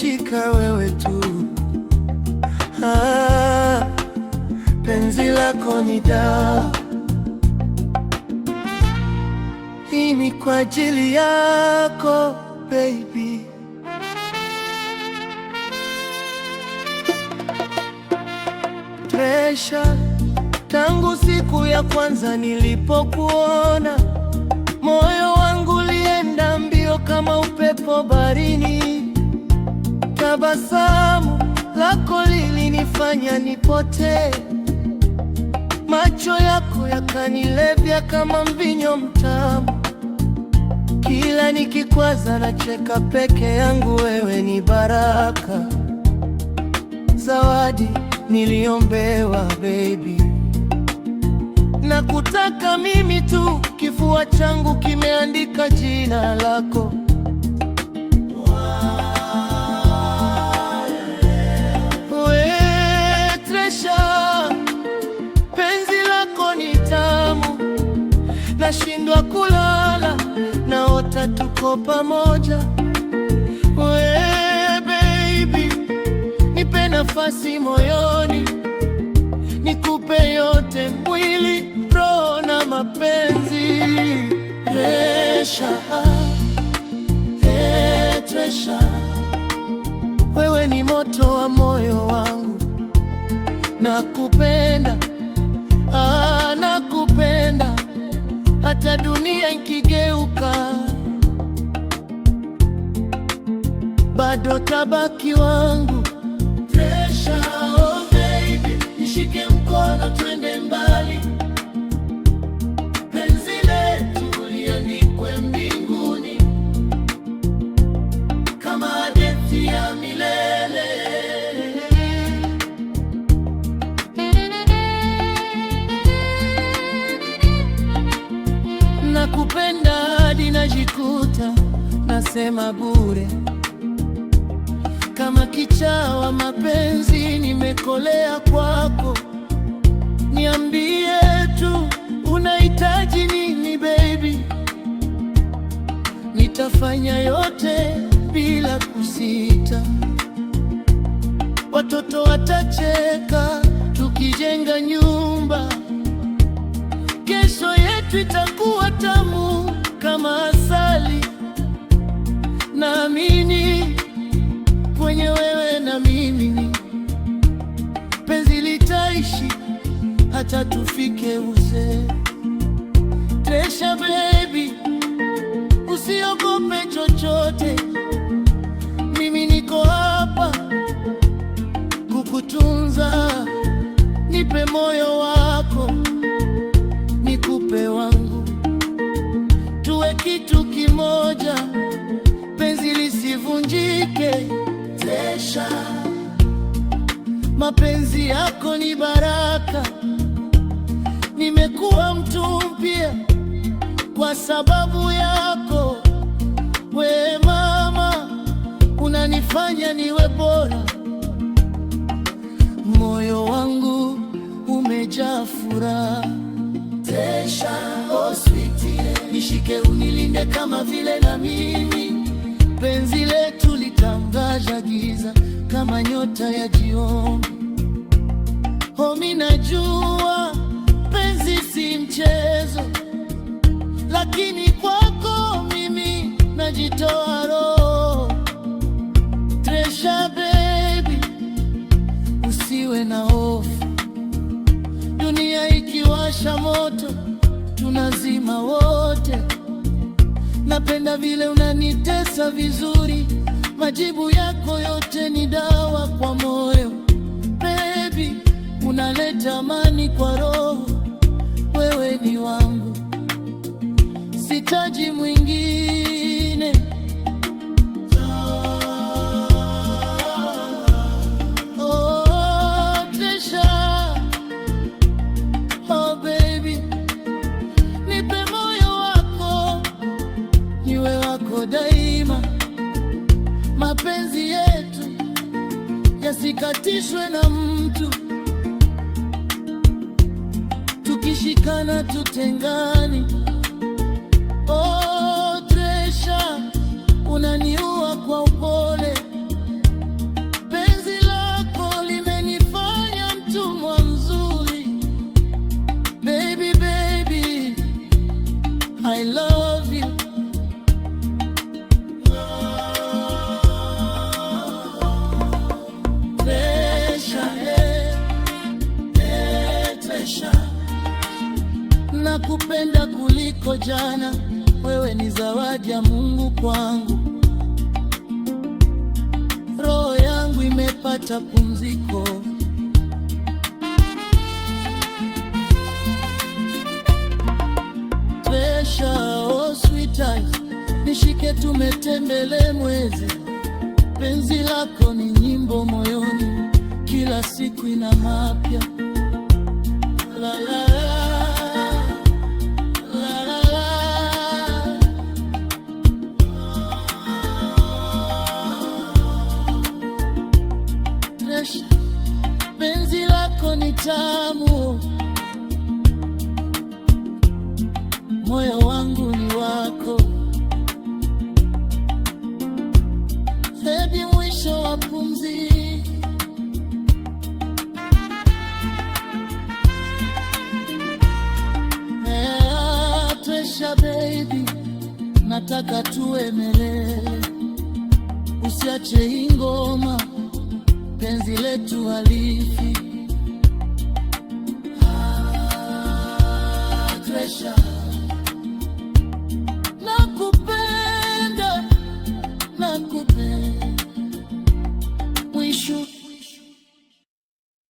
kukushika wewe tu. Ah, penzi lako ni dawa, hii ni kwa ajili yako baby. Tresha, tangu siku ya kwanza nilipokuona, moyo wangu lienda mbio kama upepo barini Tabasamu lako lilinifanya nipotee, macho yako yakanilevya kama mvinyo mtamu. Kila nikikwaza nacheka peke yangu, wewe ni baraka, zawadi niliombewa baby. Nakutaka mimi tu, kifua changu kimeandika jina lako. nashindwa kulala, naota tuko pamoja. we baby, nipe nafasi moyoni, nikupe yote, mwili, roho na mapenzi. Tresha, eh, wewe ni moto wa moyo wangu, nakupenda hata dunia ikigeuka, bado tabaki wangu Treasure. kuta nasema bure. Kama kichawa mapenzi nimekolea kwako, niambie tu unahitaji nini baby, nitafanya yote bila kusita. Watoto watacheka tukijenga nyumba, kesho yetu itakuwa tamu kama naamini kwenye wewe na mimi, penzi litaishi hata tufike uzee. Tresha baby, usiogope chochote, mimi niko hapa kukutunza. mapenzi yako ni baraka. Nimekuwa mtu mpya kwa sababu yako, we mama, unanifanya niwe bora. Moyo wangu umejaa furaha. Tesha, oh sweetie, nishike unilinde kama vile na mimi penzi letu kama nyota ya jioni. Homi, oh, najua penzi si mchezo, lakini kwako mimi najitoa roho. Tresha baby, usiwe na hofu, dunia ikiwasha moto tunazima wote. Napenda vile unanitesa vizuri majibu yako yote ni dawa kwa moyo. Baby, unaleta amani kwa roho. Wewe ni wangu, sitaji mwingine. tusikatishwe na mtu, tukishikana tutengani. oh, Tresha, unaniua kwa upo yako jana, wewe ni zawadi ya Mungu kwangu. Roho yangu imepata pumziko. Tresha, oh sweetheart, nishike tumetembele mwezi. Penzi lako ni nyimbo moyoni, kila siku ina mapya la la wangu ni wako, hadi mwisho wa pumzi. Hey, baby, nataka tuwe melele, usiache hii ngoma, penzi letu halifi. Atresha ah,